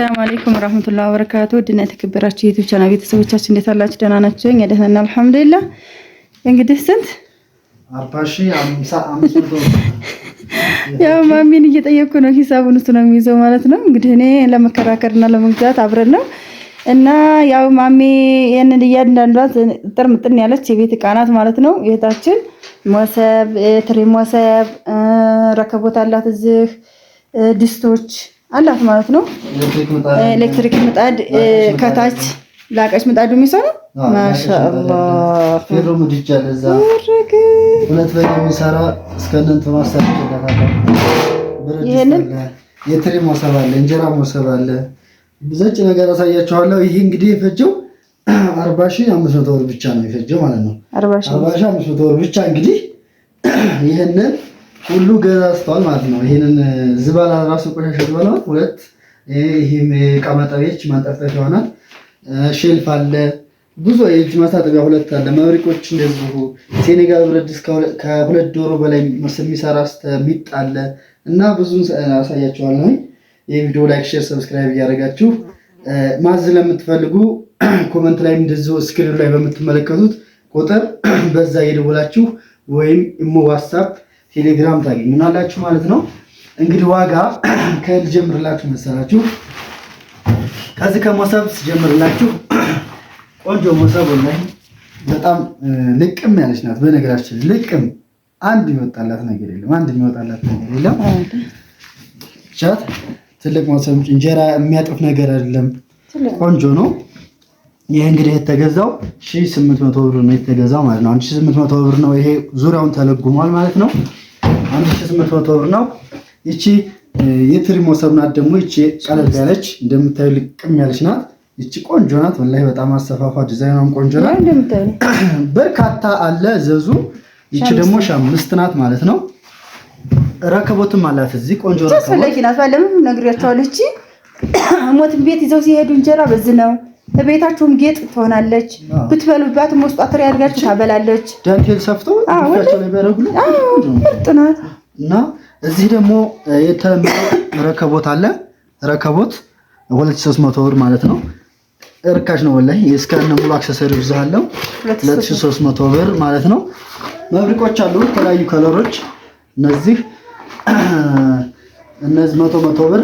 ሰላም አለይኩም ወራህመቱላሂ ወበረካቱ ድና የተከበራችሁ ዩቲዩብ ቻናል ቤተሰቦቻችን እንዴት አላችሁ? ደህና ናችሁ? እኛ ደህና ነን አልሐምዱሊላህ። እንግዲህ ስንት ያው ማሚን ነው። ሂሳቡን እሱ ነው የሚይዘው ማለት ነው። እንግዲህ እኔ ለመከራከርና ለመግዛት አብረን ነው እና ያው ማሚ ይሄንን እያንዳንዷ ጥርምጥን ያለች የቤት እቃ ናት ማለት ነው። የታችን ሞሰብ ትሪ ሞሰብ ረከቦት አላት እዚህ ድስቶች አላት ማለት ነው። ኤሌክትሪክ ምጣድ ከታች ላቀች ምጣዱ የሚሰራው ማሻአላ ፌሮ ምድጃ ለዛ ሁለት በግ የሚሰራ እስከነንት ማስተር ይችላል። ይሄንን የትሪ አለ፣ እንጀራ መሶብ አለ። ዘጭ ነገር አሳያችኋለሁ። ይህ እንግዲህ የፈጀው አርባ ሺህ አምስት መቶ ብር ብቻ ነው የፈጀው ማለት ነው። አርባ ሺህ አምስት መቶ ብር ብቻ እንግዲህ ይህንን ሁሉ ገዝተዋል ማለት ነው። ይሄንን ዝባላ ራሱ ቆሻሻ ዝባላ ሁለት ይሄም ዕቃ ማጠቢያ እጅ ይሆናል። ሼልፍ አለ፣ ብዙ የእጅ ማስታጠቢያ ሁለት አለ። መብሪቆች እንደዚሁ ሴኔጋል ብረት ድስት ከሁለት ዶሮ በላይ የሚሰራ ስተሚጥ አለ እና ብዙ አሳያቸዋለሁ። ይህ ቪዲዮ ላይክ፣ ሼር፣ ሰብስክራይብ እያደረጋችሁ ማዝ ለምትፈልጉ ኮመንት ላይ እንደዚሁ ስክሪኑ ላይ በምትመለከቱት ቁጥር በዛ እየደወላችሁ ወይም ኢሞ ዋትሳፕ ቴሌግራም ታገኙናላችሁ ማለት ነው። እንግዲህ ዋጋ ከል ጀምርላችሁ መሰላችሁ። ከዚህ ከሞሰብ ስጀምርላችሁ ቆንጆ ሞሰብ ላይ በጣም ልቅም ያለች ናት። በነገራችን ልቅም አንድ የሚወጣላት ነገር የለም። አንድ የሚወጣላት ነገር የለም። ቻት ትልቅ ሞሰብ እንጀራ የሚያጥፍ ነገር አይደለም። ቆንጆ ነው። ይሄ እንግዲህ የተገዛው 1800 ብር ነው የተገዛው ማለት ነው። 1800 ብር ነው። ይሄ ዙሪያውን ተለጉሟል ማለት ነው። 1800 ብር ነው። ይቺ የትሪ ሞሰብ ናት። ደግሞ ይቺ ቀለል ያለች እንደምታዩ ልቅም ያለች ናት። ይቺ ቆንጆ ናት። ወላሂ በጣም አሰፋፋ ዲዛይኗም ቆንጆ ናት። በርካታ አለ ዘዙ። ይቺ ደግሞ ሻምስት ናት ማለት ነው። ረከቦትም አላት እዚህ ቆንጆ ረከቦት ናት። ባለፈው ነግሬያቸዋለሁ። እቺ ሞትን ቤት ይዘው ሲሄዱ እንጀራ በዚህ ነው ቤታችሁም ጌጥ ትሆናለች። ብትበሉባትም ውስጧ ትሪ አድርጋችሁ ታበላለች። ዳንቴል ሰፍተው ምርጥ ናት እና እዚህ ደግሞ የተለመደ ረከቦት አለ። ረከቦት 2300 ብር ማለት ነው። እርካሽ ነው ወላሂ። እስከነ ሙሉ አክሰሰሪ ብዛለው 2300 ብር ማለት ነው። መብሪቆች አሉ የተለያዩ ከለሮች እነዚህ እነዚህ መቶ መቶ ብር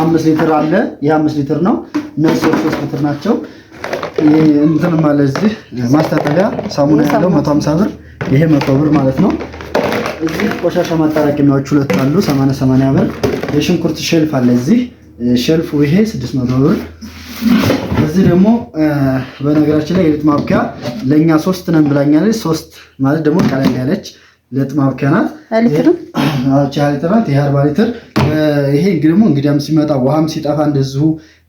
አምስት ሊትር አለ። የአምስት ሊትር ነው። እነሱ ሶስት ሊትር ናቸው። እንትን ማለት እዚህ ማስታጠቢያ ሳሙና ያለው መቶ ሀምሳ ብር ይሄ መቶ ብር ማለት ነው። እዚህ ቆሻሻ ማጠራቀሚያዎች ሁለት አሉ፣ ሰማንያ ሰማንያ ብር። የሽንኩርት ሼልፍ አለ እዚህ ሼልፉ ይሄ ስድስት መቶ ብር። እዚህ ደግሞ በነገራችን ላይ የልጥ ማብኪያ ለእኛ ሶስት ነን ብላኛለች። ሶስት ማለት ደግሞ ቀለል ያለች ልጥ ማብኪያ ናት። ሊትር ናት። ይህ አርባ ሊትር ይሄ ደግሞ እንግዳም ሲመጣ ውሃም ሲጠፋ እንደዚሁ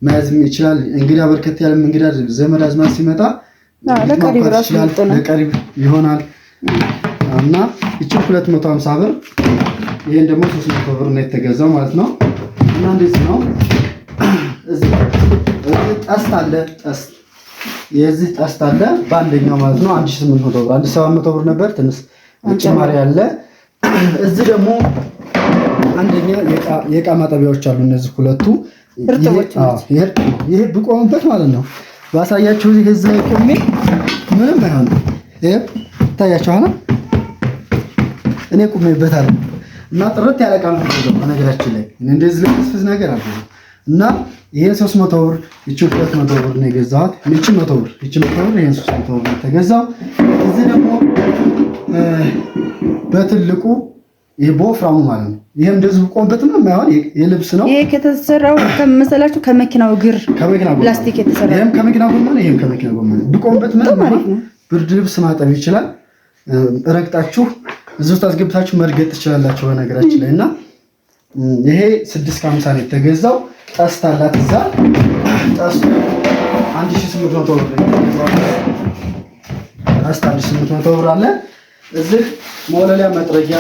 መያዝ ይችላል። እንግዳ በርከት ያለ እንግዳ ዘመድ አዝማድ ሲመጣ ለቀሪብ ይሆናል እና ይቺ 250 ብር ይሄን ደግሞ 300 ብር ነው የተገዛው ማለት ነው። እና እንደዚህ ነው እዚህ ጠስት አለ ጠስት የዚህ ጠስት አለ በአንደኛው ማለት ነው አንድ 1800 ብር አንድ 1700 ብር ነበር። ትንሽ ጭማሪ አለ እዚህ ደግሞ አንደኛ የእቃ ማጠቢያዎች አሉ። እነዚህ ሁለቱ ይሄ ብቆምበት ማለት ነው ባሳያቸው ህዝ ላይ ቆሜ ምንም አይሆን ታያቸው አለ እኔ ቁሜበት አለ እና ጥርት ያለ እቃ ነው። በነገራችን ላይ እንደዚህ ላይ ነገር አለ እና ይሄን ሶስት መቶ ብር ይችን ሁለት መቶ ብር ነው የገዛኋት። ይች መቶ ብር ይች መቶ ብር ይሄን ሶስት መቶ ብር ተገዛው። እዚህ ደግሞ በትልቁ ይሄ በወፍራሙ ማለት ነው። ይሄ እንደዚህ ቆምበት ነው የማይሆን የልብስ ነው። ይሄ ከተሰራው ከመሰላችሁ ከመኪናው ፕላስቲክ የተሰራ ጎማ ጎማ ብርድ ልብስ ማጠብ ይችላል። ረግጣችሁ እዚህ ውስጥ አስገብታችሁ መርገጥ ትችላላችሁ። በነገራችን ላይ እና ይሄ ነው የተገዛው። ጠስት አላት እዛ ጠስቱ ብር ጠስት ብር አለ። እዚህ መወለሊያ መጥረጊያ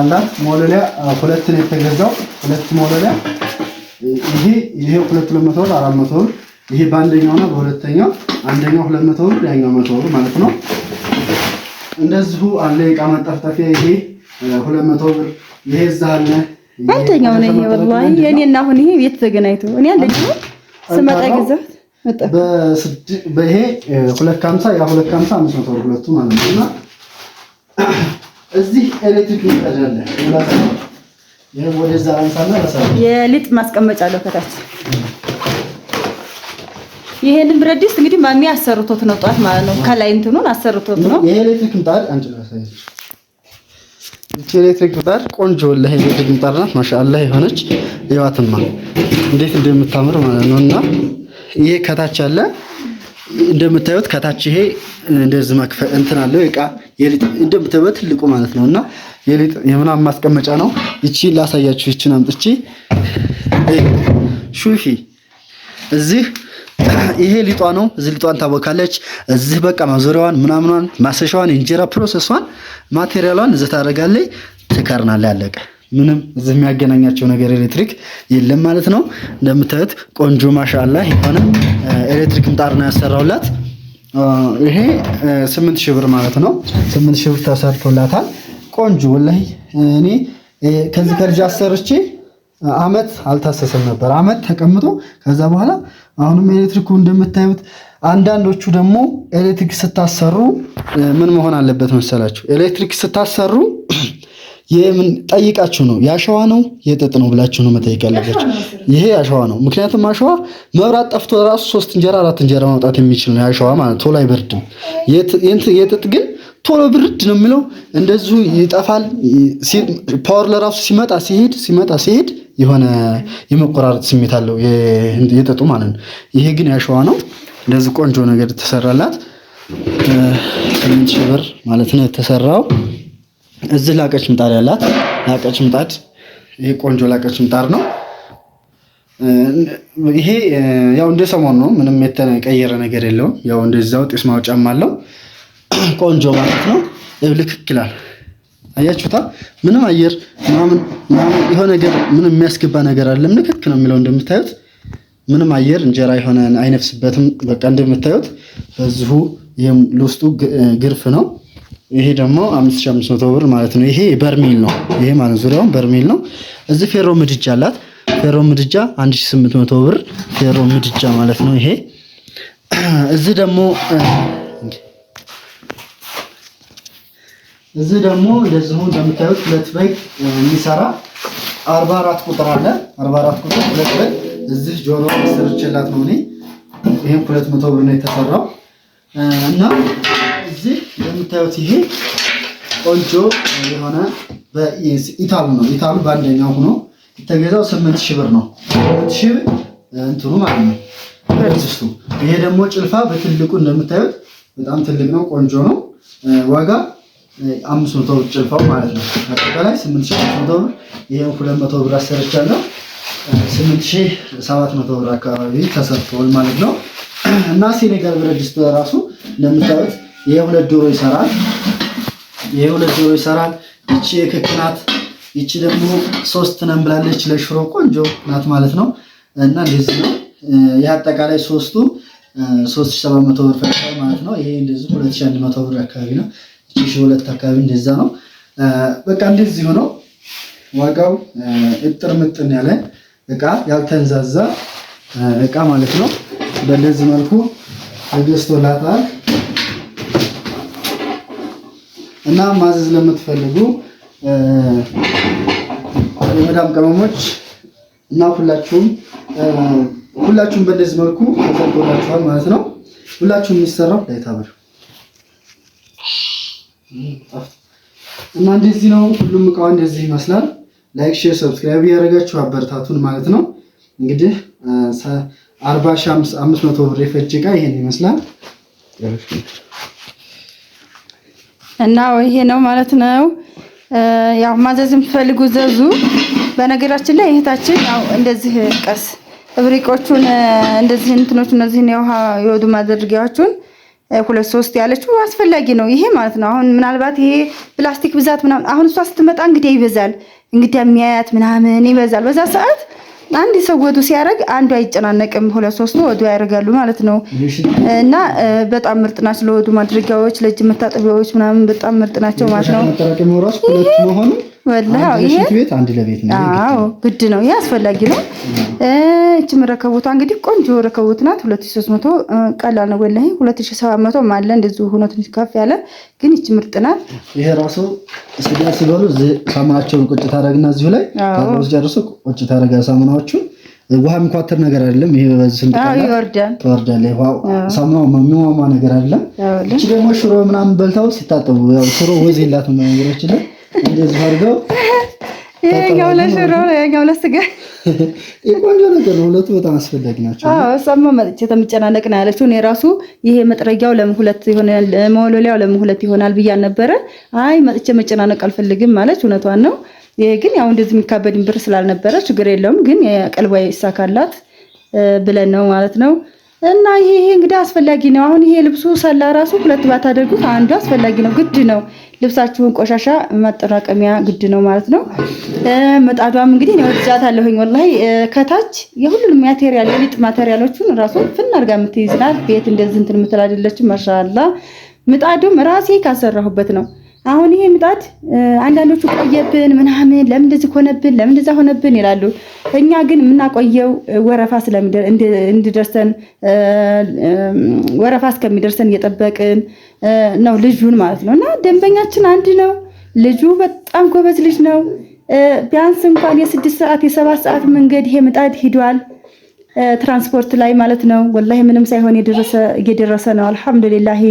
አላት። መወለሪያ ሁለት ነው የተገዛው። ሁለት መወለሪያ ይሄ ይሄ ሁለት ብር አራት ብር ይሄ በሁለተኛው አንደኛው 200 ብር ያኛው 100 ብር ማለት ነው። እንደዚሁ አለ የእቃ ማጣፍጣፊያ ይሄ 200 ብር ይሄ እዛ አለ አንደኛው ነው። ይሄ ወላሂ እና አሁን ይሄ ቤት ተገናኝቶ እኔ አንደኛው ስመጣ ገዛሁት በይሄ ሁለት ከሀምሳ ያ ሁለት ከሀምሳ አምስት መቶ ሁለቱ ማለት ነውና እዚህ ኤሌክትሪክ ይቀርላል። ይህም ወደዛ አንሳና ለሰራ የሊጥ ማስቀመጫ አለው ከታች። ይሄንን ብረት ድስት እንግዲህ ማሚ አሰርቶት ነው ጧት ማለት ነው። ከላይ እንትኑን አሰርቶት ነው። የኤሌክትሪክ ምጣድ አንቺ ለሰራ ይቺ ኤሌክትሪክ ምጣድ ቆንጆ ለህ ኤሌክትሪክ ምጣድ ናት። ማሻአላ የሆነች ይዋትማ እንዴት እንደምታምር ማለት ነው። እና ይሄ ከታች አለ እንደምታዩት ከታች ይሄ እንደዚህ መክፈ እንትን አለው እቃ የሊጥ እንደምታዩት ትልቁ ማለት ነው። እና የሊጥ የምናምን ማስቀመጫ ነው። ይቺ ላሳያችሁ። ይቺን አምጥቼ ሹፊ እዚህ ይሄ ሊጧ ነው። እዚህ ሊጧን ታወካለች። እዚህ በቃ ማዞሪያዋን ምናምኗን፣ ማሰሻዋን፣ የእንጀራ ፕሮሰሷን፣ ማቴሪያሏን እዚህ ታደርጋለች። ትከርናለች። ያለቀ ምንም እዚህ የሚያገናኛቸው ነገር ኤሌክትሪክ የለም ማለት ነው። እንደምታዩት ቆንጆ ማሻላ የሆነ ኤሌክትሪክ ምጣድ ነው ያሰራውላት። ይሄ ስምንት ሺህ ብር ማለት ነው። ስምንት ሺህ ብር ተሰርቶላታል። ቆንጆ ወላሂ እኔ ከዚህ ከልጅ አሰርቼ አመት አልታሰሰም ነበር። አመት ተቀምጦ ከዛ በኋላ አሁንም ኤሌክትሪኩ እንደምታዩት አንዳንዶቹ ደግሞ ኤሌክትሪክ ስታሰሩ ምን መሆን አለበት መሰላችሁ? ኤሌክትሪክ ስታሰሩ ጠይቃችሁ ነው የአሸዋ ነው የጥጥ ነው ብላችሁ ነው መጠየቅ ያለባችሁ። ይሄ የአሸዋ ነው። ምክንያቱም አሸዋ መብራት ጠፍቶ ራሱ ሶስት እንጀራ አራት እንጀራ ማውጣት የሚችል ነው የአሸዋ ማለት ቶሎ አይበርድም። የጥጥ ግን ቶሎ ብርድ ነው የሚለው እንደዚሁ ይጠፋል። ፓወር ለራሱ ሲመጣ ሲሄድ ሲመጣ ሲሄድ የሆነ የመቆራረጥ ስሜት አለው የጥጡ ማለት ነው። ይሄ ግን የአሸዋ ነው። እንደዚህ ቆንጆ ነገር ተሰራላት። ስምንት ሺህ ብር ማለት ነው የተሰራው። እዚህ ላቀች ምጣድ ያላት ላቀች ምጣድ፣ ይሄ ቆንጆ ላቀች ምጣድ ነው። ይሄ ያው እንደ ሰሞኑ ነው፣ ምንም የተቀየረ ነገር የለውም። ያው እንደዛው ጢስ ማውጫም አለው ቆንጆ ማለት ነው። ልክክ ይላል። አያችሁታ? ምንም አየር ምናምን የሆነ ነገር ምንም የሚያስገባ ነገር አለም። ልክክ ነው የሚለው እንደምታዩት ምንም አየር እንጀራ የሆነ አይነፍስበትም። በቃ እንደምታዩት በዚሁ ይህም ግርፍ ነው። ይሄ ደግሞ 5500 ብር ማለት ነው። ይሄ በርሜል ነው። ይሄ ማለት ዙሪያውን በርሜል ነው። እዚህ ፌሮ ምድጃ አላት። ፌሮ ምድጃ 1800 ብር ፌሮ ምድጃ ማለት ነው። ይሄ እዚህ ደግሞ እዚህ ደግሞ እንደዚሁ እንደምታዩት ሁለት በግ የሚሰራ 44 ቁጥር አለ። 44 ቁጥር ሁለት በግ እዚህ ጆሮ ስርችላት ነው እኔ። ይሄም 200 ብር ነው የተሰራው እና እዚህ እንደምታዩት ይሄ ቆንጆ የሆነ ኢታሉ ነው። ኢታሉ በአንደኛው ሆኖ የተገዛው ስምንት ሺህ ብር ነው። ስምንት ሺህ እንትኑ ማለት ነው ስቱ። ይሄ ደግሞ ጭልፋ በትልቁ እንደምታዩት በጣም ትልቅ ነው፣ ቆንጆ ነው። ዋጋ አምስት መቶ ብር ጭልፋው ማለት ነው። አጠቃላይ ስምንት ሺህ አምስት መቶ ብር። ይህም ሁለት መቶ ብር አሰርቻለሁ። ስምንት ሺህ ሰባት መቶ ብር አካባቢ ተሰርተዋል ማለት ነው። እና ሲኔጋር ብረት ድስት ራሱ እንደምታዩት ይሄ ዶሮ ይሰራል። ይሄ ዶሮ ይሰራል። ይቺ የክክ ናት። ይቺ ደግሞ ሶስት ነን ብላለች። ለሽሮ ቆንጆ ናት ማለት ነው። እና እንደዚህ ነው። ይህ አጠቃላይ ሶስቱ 3700 ብር ፈቅዷል ማለት ነው። ይሄ እንደዚህ 2100 ብር አካባቢ ነው። ይቺ ሺህ ሁለት አካባቢ እንደዛ ነው። በቃ እንደዚህ ሆነው ዋጋው እጥር ምጥን ያለ እቃ ያልተንዛዛ እቃ ማለት ነው። በእንደዚህ መልኩ ተገዝቶላታል። እና ማዘዝ ለምትፈልጉ የመዳም ቅመሞች እና ሁላችሁም ሁላችሁም በእንደዚህ መልኩ ተጠቅላችኋል ማለት ነው። ሁላችሁም የሚሰራው ላይታበር እና እንደዚህ ነው። ሁሉም እቃ እንደዚህ ይመስላል። ላይክ፣ ሼር፣ ሰብስክራይብ ያደረጋችሁ አበረታቱን ማለት ነው። እንግዲህ አርባ ሺህ አምስት መቶ ብር የፈጀ እቃ ይሄን ይመስላል። እና ይሄ ነው ማለት ነው። ያው ማዘዝ የምትፈልጉ ዘዙ። በነገራችን ላይ እህታችን ያው እንደዚህ ቀስ እብሪቆቹን እንደዚህ እንትኖች እነዚህን የውሃ የወዱ ማድረጊያዎቹን ሁለት ሶስት ያለችው አስፈላጊ ነው ይሄ ማለት ነው። አሁን ምናልባት ይሄ ፕላስቲክ ብዛት ምናምን አሁን እሷ ስትመጣ እንግዲህ ይበዛል እንግዲህ የሚያያት ምናምን ይበዛል። በዛ ሰዓት አንድ ሰው ወዱ ሲያደርግ አንዱ አይጨናነቅም። ሁለት ሶስቱ ወዱ ያደርጋሉ ማለት ነው። እና በጣም ምርጥ ናቸው ለወዱ ማድረጊያዎች፣ ለእጅ መታጠቢያዎች ምናምን በጣም ምርጥ ናቸው ማለት ነው። ቤት አንድ ለቤት ነው። ግድ ነው። ይህ አስፈላጊ ነው። እችም መረከቦቷ እንግዲህ ቆንጆ ረከቦት ናት። ሁለት ቀላል ነው። ወላሂ 2700 ማለ ሰባት መቶ ሆኖ ትንሽ ከፍ ያለ ግን ይች ምርጥ ናት። ይሄ ራሱ ስጋ ሲበሉ ሳሙናቸውን ቁጭ ታደረግና እዚሁ ላይ ስ ጨርሶ ቁጭ ታደረጋ ሳሙናዎቹ ውሃ የሚኳትር ነገር አይደለም። ይሄ በዚህ ስንት ትወርዳለ። ሳሙናው የሚሟሟ ነገር አይደለም። እች ደግሞ ሽሮ ምናምን በልታው ሲታጠቡ ሽሮ ወዝ የላትም ነገሮች ላይ ይሄኛው ለሽሮ ነው፣ ይሄኛው ለስጋ። የቆንጆ ነገር ነው። ሁለቱ በጣም አስፈላጊ ናቸው። እሷማ መጥቼ ተምጨናነቅ ነው ያለችው። እኔ ራሱ ይሄ መጥረጊያው ለምን ሁለት ይሆናል፣ መወለሊያው ለምን ሁለት ይሆናል ብያን ነበረ። አይ መጥቼ መጨናነቅ አልፈልግም ማለች፣ እውነቷን ነው። ይሄ ግን ያው እንደዚህ የሚካበድ ብር ስላልነበረ ችግር የለውም ግን ቀልቧ ይሳካላት ብለን ነው ማለት ነው። እና ይሄ ይሄ እንግዲህ አስፈላጊ ነው። አሁን ይሄ ልብሱ ሰላ ራሱ ሁለት ባታደርጉት አንዱ አስፈላጊ ነው፣ ግድ ነው። ልብሳችሁን ቆሻሻ ማጠራቀሚያ ግድ ነው ማለት ነው። ምጣዷም እንግዲህ ነው ትዛት አለሁኝ ወላሂ ከታች የሁሉንም ማቴሪያል የሊጥ ማቴሪያሎቹን ራሱ ፍን አርጋ የምትይዝናል። ቤት እንደዚህ እንትን የምትል አይደለችም። ማሻአላ ምጣዱም ራሴ ካሰራሁበት ነው አሁን ይሄ ምጣድ አንዳንዶቹ ቆየብን ምናምን ለምን እንደዚህ ሆነብን ለምን እንደዛ ሆነብን ይላሉ። እኛ ግን የምናቆየው ወረፋ እንዲደርሰን ወረፋ እስከሚደርሰን እየጠበቅን ነው ልጁን ማለት ነው። እና ደንበኛችን አንድ ነው። ልጁ በጣም ጎበዝ ልጅ ነው። ቢያንስ እንኳን የስድስት ሰዓት የሰባት ሰዓት መንገድ ይሄ ምጣድ ሂዷል። ትራንስፖርት ላይ ማለት ነው። ወላሂ ምንም ሳይሆን እየደረሰ ነው። አልሐምዱሊላሂ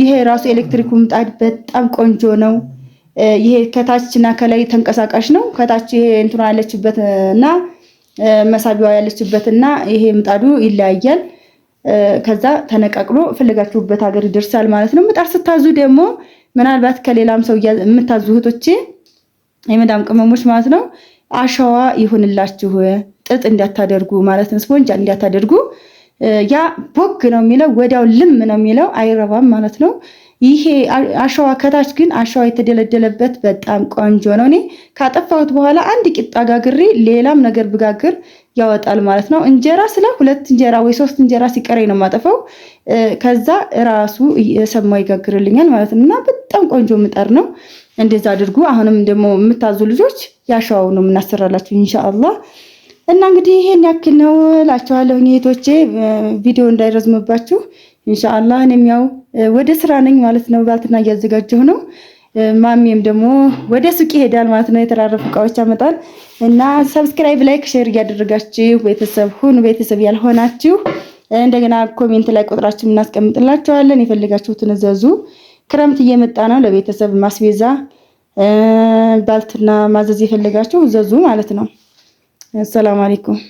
ይሄ ራሱ ኤሌክትሪክ ምጣድ በጣም ቆንጆ ነው። ይሄ ከታችና ከላይ ተንቀሳቃሽ ነው። ከታች ይሄ እንትኗ ያለችበት እና መሳቢያዋ ያለችበት እና ይሄ ምጣዱ ይለያያል። ከዛ ተነቃቅሎ ፈለጋችሁበት ሀገር ይደርሳል ማለት ነው። ምጣድ ስታዙ ደግሞ ምናልባት ከሌላም ሰው የምታዙ እህቶቼ የመዳም ቅመሞች ማለት ነው አሸዋ ይሁንላችሁ፣ ጥጥ እንዳታደርጉ ማለት ነው። ስፖንጅ እንዳታደርጉ ያ ቦግ ነው የሚለው ወዲያው ልም ነው የሚለው አይረባም ማለት ነው። ይሄ አሸዋ ከታች ግን አሸዋ የተደለደለበት በጣም ቆንጆ ነው። እኔ ካጠፋሁት በኋላ አንድ ቂጣ ጋግሬ ሌላም ነገር ብጋግር ያወጣል ማለት ነው። እንጀራ ስለ ሁለት እንጀራ ወይ ሶስት እንጀራ ሲቀረኝ ነው የማጠፋው። ከዛ ራሱ የሰማ ይጋግርልኛል ማለት ነው። እና በጣም ቆንጆ ምጣድ ነው። እንደዛ አድርጉ። አሁንም ደግሞ የምታዙ ልጆች ያሸዋው ነው የምናሰራላችሁ ኢንሻአላህ። እና እንግዲህ ይሄን ያክል ነው እላችኋለሁ እህቶቼ፣ ቪዲዮ እንዳይረዝምባችሁ። ኢንሻአላህ እኔም ያው ወደ ስራ ነኝ ማለት ነው፣ ባልትና እያዘጋጀሁ ነው። ማሚም ደግሞ ወደ ሱቅ ይሄዳል ማለት ነው፣ የተራረፉ እቃዎች ያመጣል። እና ሰብስክራይብ፣ ላይክ፣ ሼር እያደረጋችሁ ቤተሰብ ሁኑ። ቤተሰብ ያልሆናችሁ እንደገና ኮሜንት ላይ ቁጥራችሁ እናስቀምጥላችኋለን። የፈለጋችሁትን እዘዙ። ክረምት እየመጣ ነው። ለቤተሰብ ማስቤዛ ባልትና ማዘዝ የፈለጋችሁ እዘዙ ማለት ነው። Assalamu alaikum.